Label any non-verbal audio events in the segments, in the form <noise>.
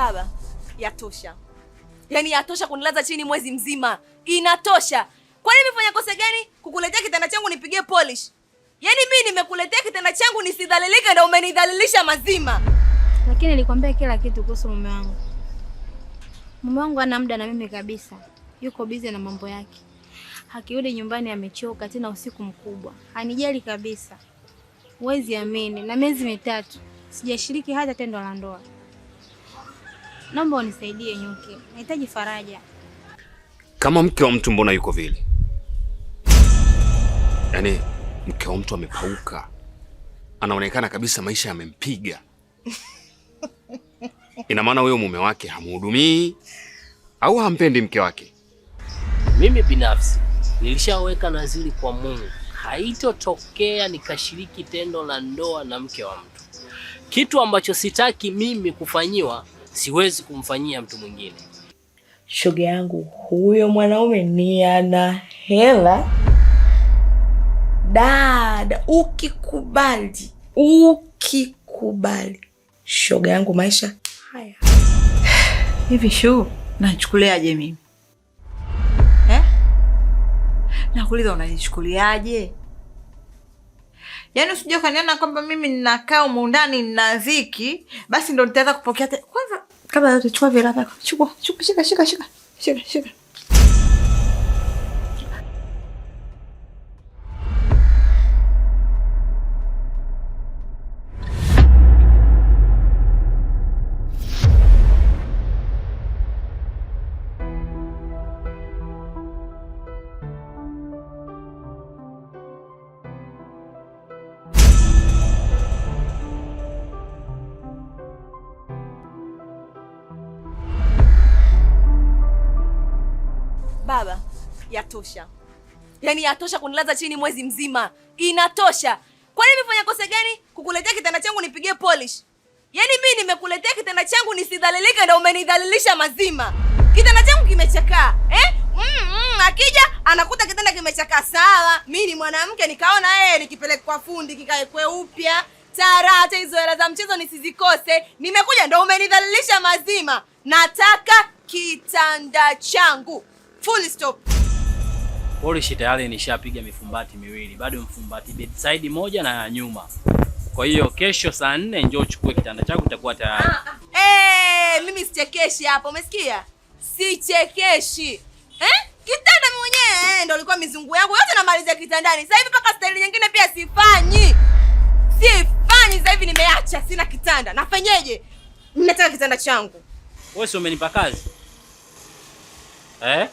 Baba, yatosha. Yaani yatosha kunilaza chini mwezi mzima, inatosha. Kwa nini nimefanya kosa gani kukuletea kitanda changu nipigie polish? Yaani mimi nimekuletea kitanda changu nisidhalilike, na umenidhalilisha mazima. Lakini nilikwambia kila kitu kuhusu mume wangu. Mume wangu ana muda na mimi kabisa, yuko busy na mambo yake. Hakirudi nyumbani, amechoka, tena usiku mkubwa, hanijali kabisa. Huwezi amini, na miezi mitatu sijashiriki hata tendo la ndoa. Naomba unisaidie nyuki, nahitaji faraja. Kama mke wa mtu, mbona yuko vile? Yaani mke wa mtu amepauka, anaonekana kabisa maisha yamempiga. <laughs> Ina maana huyo mume wake hamhudumii au hampendi mke wake. Mimi binafsi nilishaweka nadhiri kwa Mungu, haitotokea nikashiriki tendo la ndoa na mke wa mtu, kitu ambacho sitaki mimi kufanyiwa siwezi kumfanyia mtu mwingine. Shoga yangu, huyo mwanaume ni ana hela dada. Ukikubali, ukikubali shoga yangu, maisha haya hivi. Shuu, nachukuliaje mimi eh? Nakuuliza, unanichukuliaje? Yaani usija ukaniona kwamba mimi ninakaa umundani ndani nina dhiki, basi ndo nitaweza kupokea. Kwanza kabla hujachukua vile, chukua, chukua, shika, shika, shika, shika, shika. Yatosha, yaani yatosha kunilaza chini mwezi mzima, inatosha. Kwa nini nimefanya kosa gani kukuletea kitanda changu nipigie polish? Yaani mimi nimekuletea kitanda changu nisidhalilike, na umenidhalilisha mazima. Kitanda changu kimechakaa eh? Mm, mm, akija anakuta kitanda kimechakaa. Sawa, mimi ni mwanamke nikaona yeye eh, nikipeleke kwa fundi kikae kikaekwe upya tara. Hata hizo hela za mchezo nisizikose. Nimekuja ndo umenidhalilisha mazima. Nataka kitanda changu, full stop polishi tayari nishapiga mifumbati miwili, bado mfumbati bedside moja na ya nyuma. Kwa hiyo kesho saa nne njoo chukue kitanda chako itakuwa tayari. Ah, ah. Hey, eh, mimi sichekeshi hapo, umesikia? Sichekeshi eh? Kitanda mwenyewe eh, ndio ulikuwa mizungu yangu yote namalizia kitandani. Sasa hivi paka staili nyingine pia sifanyi, sifanyi. Sasa hivi nimeacha, sina kitanda, nafanyeje? Nataka kitanda changu. Wewe si umenipa kazi eh?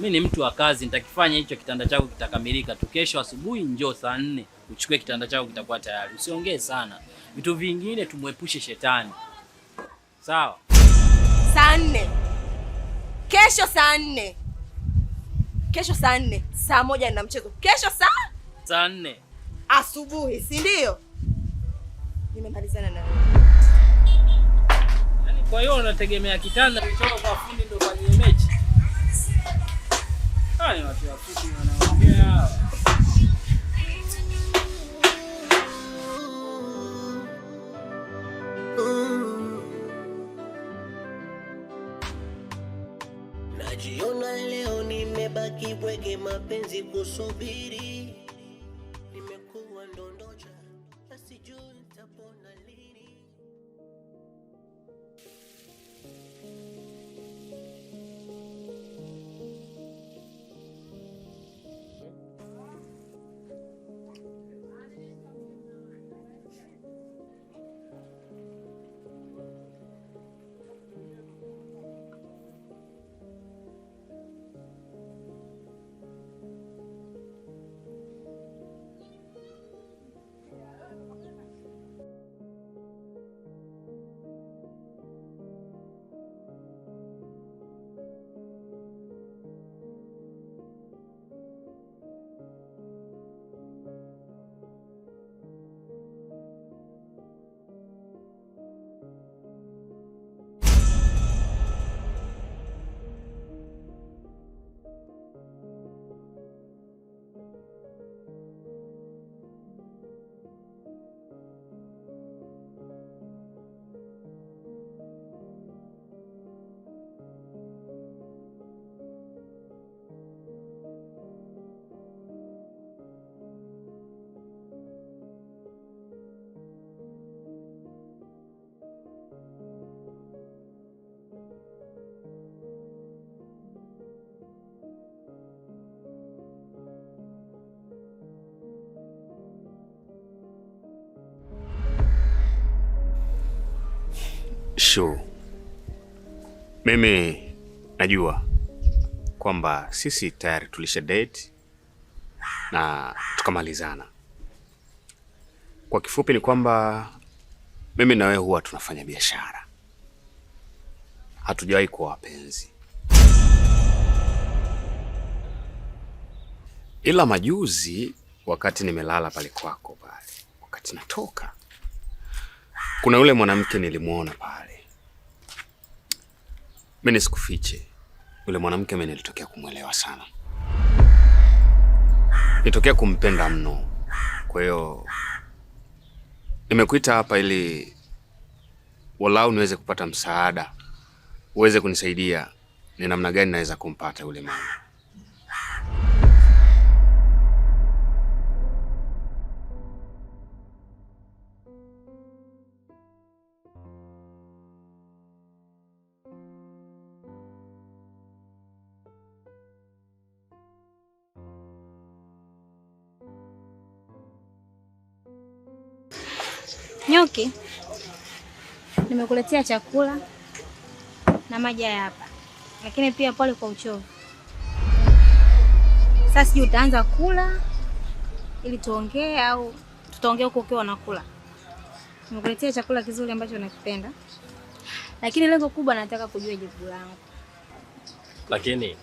mi ni mtu wa kazi, nitakifanya hicho kitanda chako kitakamilika tu. Kesho asubuhi njoo saa nne uchukue kitanda chako, kitakuwa tayari. Usiongee sana vitu vingine, tumwepushe shetani. Sawa, saa nne kesho, saa nne kesho, saa nne saa moja na mchezo kesho, saa saa nne asubuhi, si ndio? Nimemalizana na yaani Kwa hiyo unategemea kitanda kilichoko kwa fundi ndio kwenye mechi Najiona leo nimebaki bwege, mapenzi kusubiri Sure. Mimi najua kwamba sisi tayari tulisha date na tukamalizana. Kwa kifupi ni kwamba mimi na wewe huwa tunafanya biashara, hatujawahi kuwa wapenzi, ila majuzi wakati nimelala pale kwako pale, wakati natoka kuna yule mwanamke nilimwona pale. Mimi nisikufiche yule mwanamke mimi nilitokea kumwelewa sana, nitokea kumpenda mno. Kwa hiyo nimekuita hapa ili walau niweze kupata msaada, uweze kunisaidia ni namna gani naweza kumpata yule mama. Nyuki, nimekuletea chakula na maji haya hapa, lakini pia pole kwa uchovu. Sasa sijui utaanza kula ili tuongee au tutaongea huko ukiwa unakula. Nimekuletea chakula kizuri ambacho unakipenda, lakini lengo kubwa nataka kujua jibu langu. Lakini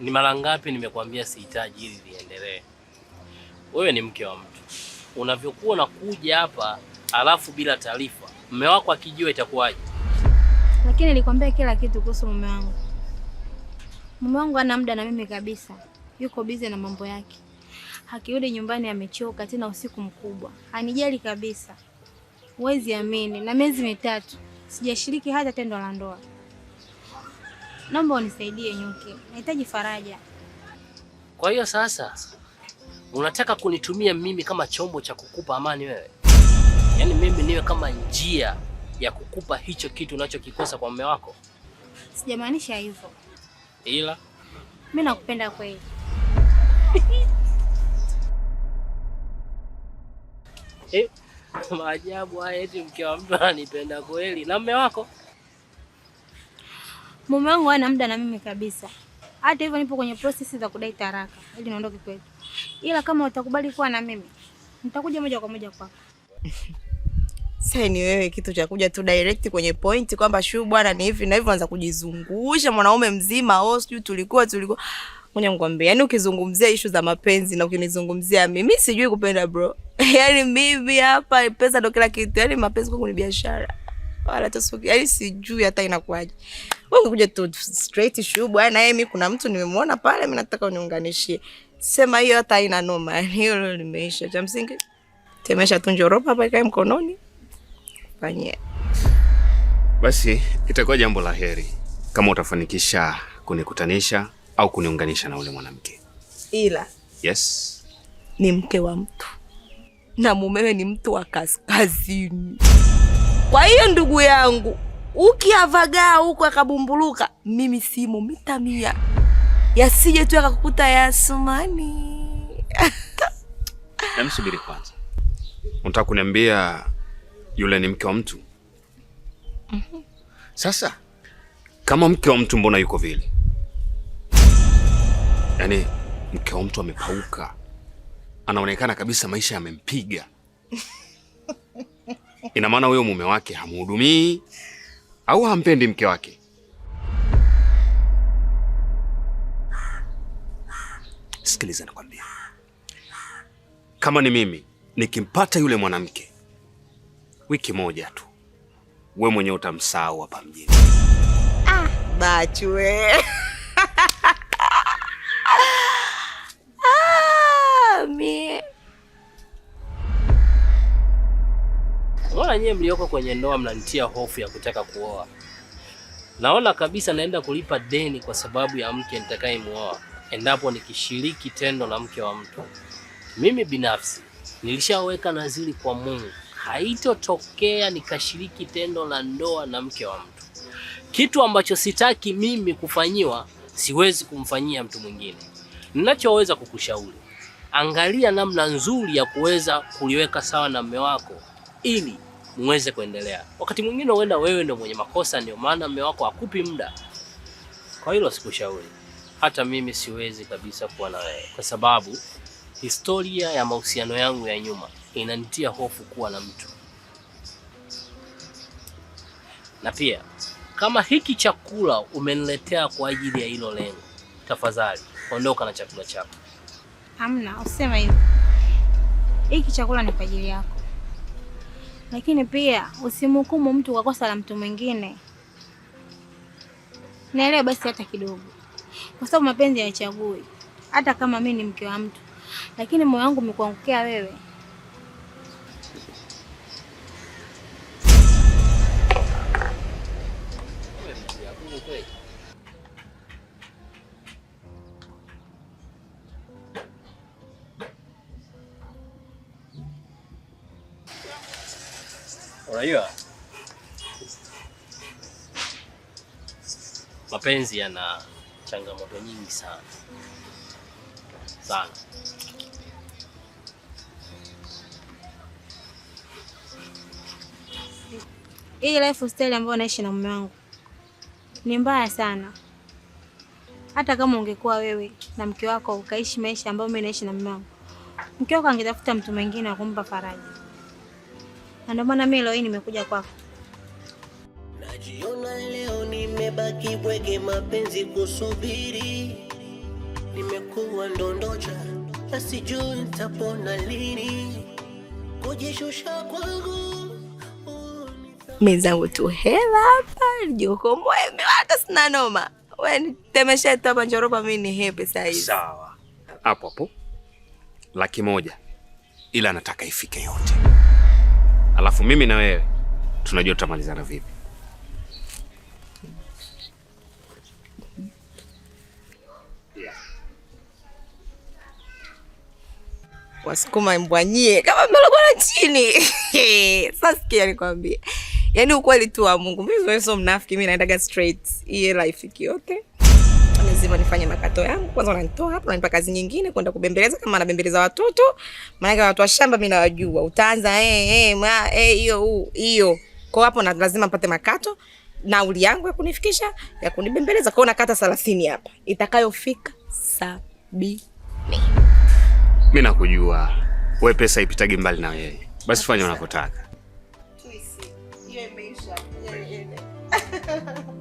ni mara ngapi nimekuambia sihitaji ili liendelee? Wewe ni mke wa mtu unavyokuwa unakuja hapa alafu bila taarifa, mume wako akijua itakuwaje? Lakini nilikwambia kila kitu kuhusu mume wangu. Mume wangu ana muda na mimi kabisa, yuko bize na mambo yake. Akirudi nyumbani amechoka, tena usiku mkubwa, anijali kabisa. Huwezi amini, na miezi mitatu sijashiriki hata tendo la ndoa. Naomba unisaidie Nyuki, nahitaji faraja. Kwa hiyo sasa Unataka kunitumia mimi kama chombo cha kukupa amani wewe? Yaani mimi niwe kama njia ya kukupa hicho kitu unachokikosa kwa mume wako? Sijamaanisha hivyo. Ila mimi nakupenda kweli. <laughs> Eh, maajabu haya eti mke wa mtu ananipenda kweli na mume wako? Mume wangu hana muda na mimi kabisa. Hata hivyo nipo kwenye process za kudai taraka ili niondoke kwetu ila kama utakubali kuwa na mimi nitakuja moja kwa moja kwako. <laughs> Sasa ni wewe kitu cha kuja tu direct kwenye point kwamba shu bwana ni hivi na hivi, anza kujizungusha mwanaume mzima, au oh, sijui tulikuwa tulikuwa. Ngoja nikwambie, yani ukizungumzia ishu za mapenzi na ukinizungumzia mimi sijui kupenda bro. <laughs> yani mimi hapa pesa ndo kila kitu, yani mapenzi kwangu ni biashara wala tosuki, yani sijui hata inakuwaje. Wewe ungekuja tu straight ishu bwana, yeye mimi kuna mtu nimemwona pale, mimi nataka uniunganishie Sema hiyo hata ina noma, <laughs> yaani hilo limeisha. Cha msingi temesha tu njoropa hapa, ikae mkononi, fanye basi. Itakuwa jambo la heri kama utafanikisha kunikutanisha au kuniunganisha na ule mwanamke, ila yes, ni mke wa mtu na mumewe ni mtu wa kaskazini. Kwa hiyo ndugu yangu, ukiavagaa huko akabumbuluka, mimi simo mitamia yasije tu yakakukuta ya Asumani. <laughs> subiri kwanza. Unataka kuniambia yule ni mke wa mtu? mm Sasa kama mke wa mtu, mbona yuko vile? Yaani mke wa mtu amepauka, anaonekana kabisa maisha yamempiga. <laughs> Ina maana huyo mume wake hamhudumii au hampendi mke wake? Sikiliza nakwambia, kama ni mimi nikimpata yule mwanamke wiki moja tu, we mwenyewe utamsahau hapa mjini. Ah, Bachwe ah, nyie mlioko kwenye ndoa mnanitia hofu ya kutaka kuoa? Naona kabisa naenda kulipa deni kwa sababu ya mke nitakayemuoa endapo nikishiriki tendo na mke wa mtu. Mimi binafsi nilishaweka nadhiri kwa Mungu, haitotokea nikashiriki tendo la ndoa na mke wa mtu. Kitu ambacho sitaki mimi kufanyiwa siwezi kumfanyia mtu mwingine. Ninachoweza kukushauri, angalia namna nzuri ya kuweza kuliweka sawa na mme wako ili muweze kuendelea. Wakati mwingine huenda wewe ndio mwenye makosa, ndio maana mme wako akupi muda. Kwa hilo sikushauri hata mimi siwezi kabisa kuwa na wewe, kwa sababu historia ya mahusiano yangu ya nyuma inanitia hofu kuwa na mtu, na pia kama hiki chakula umeniletea kwa ajili ya hilo lengo, tafadhali ondoka na chakula chako. Hamna, usema hivyo. Hiki chakula ni kwa ajili yako, lakini pia usimhukumu mtu kwa kosa la mtu mwingine. Naelewa basi hata kidogo kwa sababu mapenzi hayachagui. Hata kama mimi ni mke wa mtu, lakini moyo wangu umekuangukia wewe. Unajua mapenzi yana changamoto nyingi sana sana. Hii lifestyle ambayo naishi na mume wangu ni mbaya sana. Hata kama ungekuwa wewe na mke wako ukaishi maisha ambayo mimi naishi na mume wangu, mke wako angetafuta mtu mwingine wa kumpa faraja, na ndio maana mimi leo hii nimekuja kwako nimebaki bwege, mapenzi kusubiri, nimekuwa ndondocha na sijui nitapona lini, kujishusha kwangu oh, mwenzangu tu hela hapa joko mweme, hata sina noma. We nitemeshe tu hapa njoropa, mi ni hepe saa hizi. Sawa, hapo hapo laki moja, ila nataka ifike yote, alafu mimi na wewe tunajua tutamalizana vipi. wasukuma mbwanyie kama mmelogwa na chini <laughs> sasa sikia nikwambie yaani ukweli tu wa Mungu mimi sio mnafiki mimi naendaga straight iye life yote lazima nifanye makato yangu kwanza wananitoa hapo nanipa kazi nyingine kwenda kubembeleza kama anabembeleza watoto maanake watu wa shamba mi nawajua utaanza eh, eh, eh, hiyo hiyo ko hapo na lazima mpate makato nauli yangu ya kunifikisha ya kunibembeleza kwao nakata thelathini hapa itakayofika sabini mimi nakujua we, pesa ipitagi mbali na yeye. basi fanya unavyotaka. <laughs>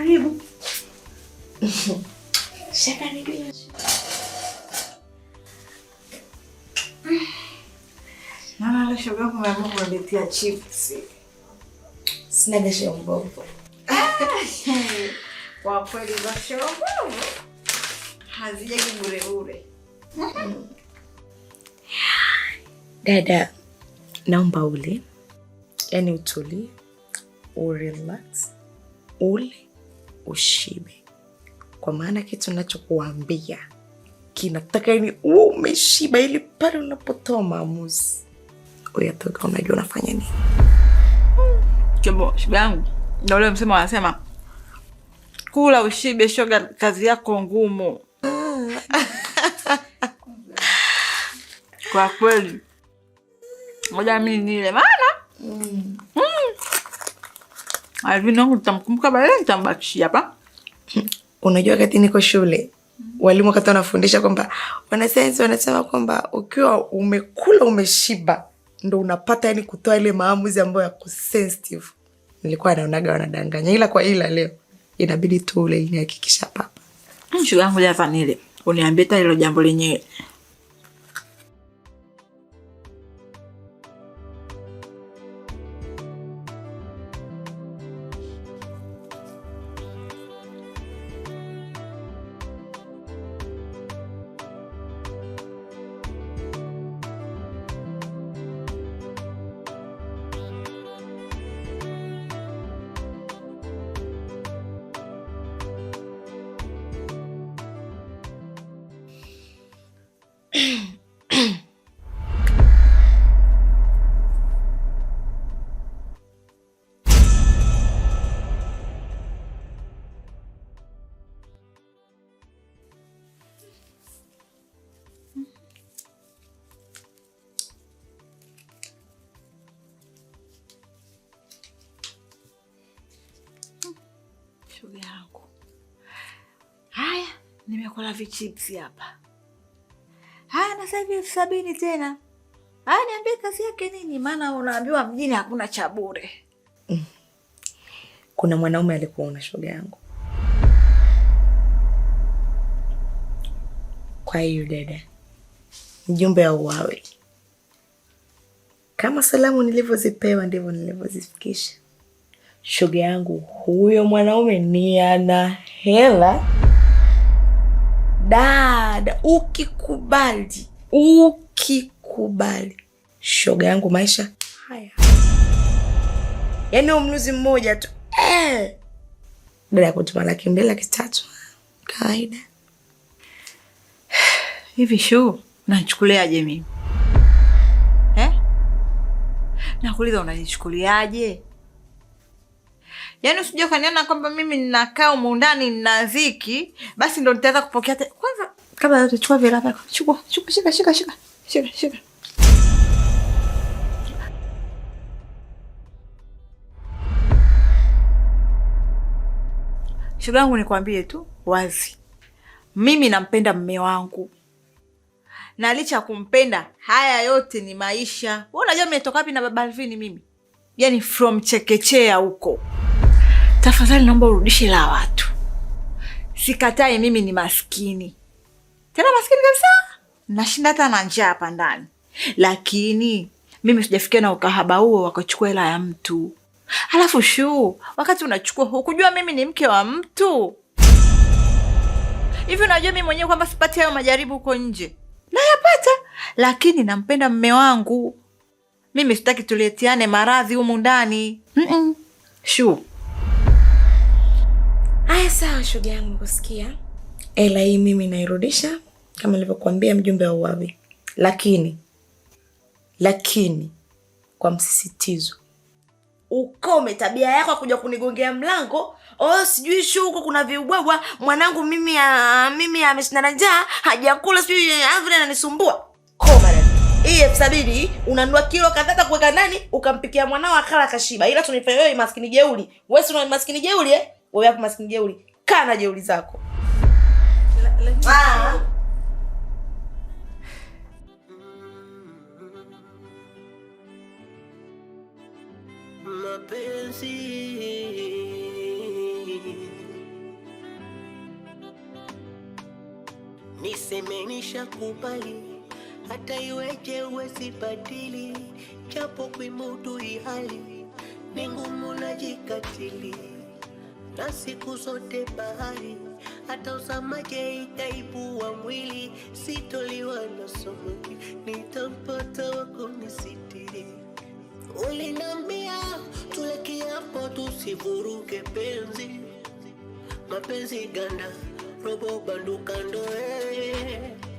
karibu. <laughs> Naona shoga yako umeamua kuniletea chips. Sina jasho ya mbovu. <laughs> Kwa kweli jasho ya mbovu hazijaji bure bure. <laughs> Dada, naomba ule, yaani utulie, urelax, ule ushibe, kwa maana kitu nachokuambia kinataka ni uwe umeshiba, ili pale unapotoa maamuzi uyatoka unajua unafanya nini. Chombo shiba yangu na ule msema wanasema kula ushibe, shoga kazi yako ngumu. <laughs> Kwa kweli, ngoja mimi nile maana mm. mm. Alvina wangu nitamkumbuka baadaye, nitambakishia hapa. Unajua, wakati niko shule walimu wakati wanafundisha kwamba wanasayansi wanasema kwamba ukiwa umekula umeshiba ndo unapata yani kutoa ile maamuzi ambayo yako sensitive. Nilikuwa naonaga wanadanganya, ila kwa ila leo inabidi tu ule inahakikisha papa. Shule yangu lea vanile, uniambie hilo jambo lenyewe shoga yangu. Haya, nimekula vichipsi hapa. Haya, na sasa hivi elfu sabini tena. Haya, niambie kazi yake nini? Maana unaambiwa mjini hakuna cha bure. Kuna mwanaume alikuona shoga yangu. Kwa hiyo dada, mjumbe auawe. Kama salamu nilivyozipewa ndivyo nilivyozifikisha shoga yangu huyo mwanaume ni ana hela dada, ukikubali ukikubali, shoga yangu maisha haya, yaani mnuzi mmoja tu eh. Dada ya kutuma laki mbili laki tatu kawaida hivi. Shuu, nachukuliaje mimi eh? Nakuuliza, unanichukuliaje? Yaani usije ukaniona kwamba mimi ninakaa umundani na nina dhiki, basi ndo nitaweza kupokea te... Kwanza kabla yote chukua vila vyako. Chukua, chukua, shika, shika, shika. Shika, shika. Shoga yangu nikwambie tu wazi. Mimi nampenda mme wangu. Na licha ya kumpenda, haya yote ni maisha. Wewe unajua nimetoka wapi na baba Alvin mimi? Yaani from chekechea huko. Tafadhali naomba urudishe la watu. Sikatai mimi ni maskini, tena maskini kabisa, nashinda hata na njaa hapa ndani, lakini mimi sijafikia na ukahaba huo wa kuchukua hela ya mtu. Halafu shuu, wakati unachukua hukujua mimi ni mke wa mtu. Hivi unajua mimi mwenyewe kwamba sipati hayo majaribu huko nje, nayapata, lakini nampenda mme wangu. Mimi sitaki tuletiane maradhi humu ndani. mm -mm. shu Aya, sawa shoga yangu, kusikia ela hii mimi nairudisha kama nilivyokuambia, mjumbe wa uwawi, lakini lakini kwa msisitizo ukome tabia yako kuja kunigongea mlango. Oh, sijui shu huko kuna viubwabwa mwanangu, mimi ya, ah, mimi ameshinda njaa hajakula, sijui avile ah, ananisumbua. Koma hii elfu sabini unanua kilo kadhaa kuweka ndani ukampikia mwanao akala kashiba, ila tunifanye wewe maskini jeuli, wewe si maskini jeuli eh? wewe hapo maskini jeuli, kaa na jeuli zako. Nisemenisha kubali hata iweje uwezi badili, japo kuimudu hali ni ngumu, jikatili na siku zote bahari, hata usamaki itaibua mwili, sitoliwa na samaki, nitampata wa kunisitiri. Uliniambia tule kiapo tusivuruge penzi, mapenzi ganda robo banduka ndoe